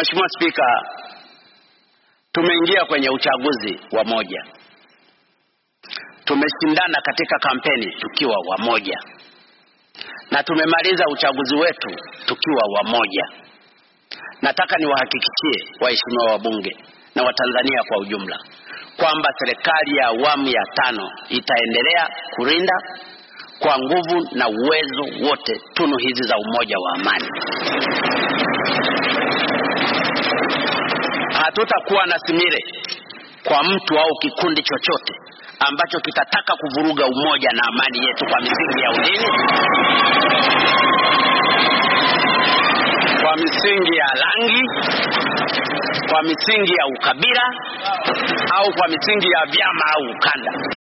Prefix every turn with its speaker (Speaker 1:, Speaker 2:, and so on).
Speaker 1: Mheshimiwa Spika, tumeingia kwenye uchaguzi wa moja, tumeshindana katika kampeni tukiwa wamoja na tumemaliza uchaguzi wetu tukiwa wamoja. Nataka niwahakikishie waheshimiwa wabunge na Watanzania kwa ujumla kwamba serikali ya awamu ya tano itaendelea kulinda kwa nguvu na uwezo wote tunu hizi za umoja wa amani hatutakuwa na simire kwa mtu au kikundi chochote ambacho kitataka kuvuruga umoja na amani yetu kwa misingi ya udini, kwa misingi ya rangi,
Speaker 2: kwa misingi ya ukabila au kwa misingi ya
Speaker 3: vyama au ukanda.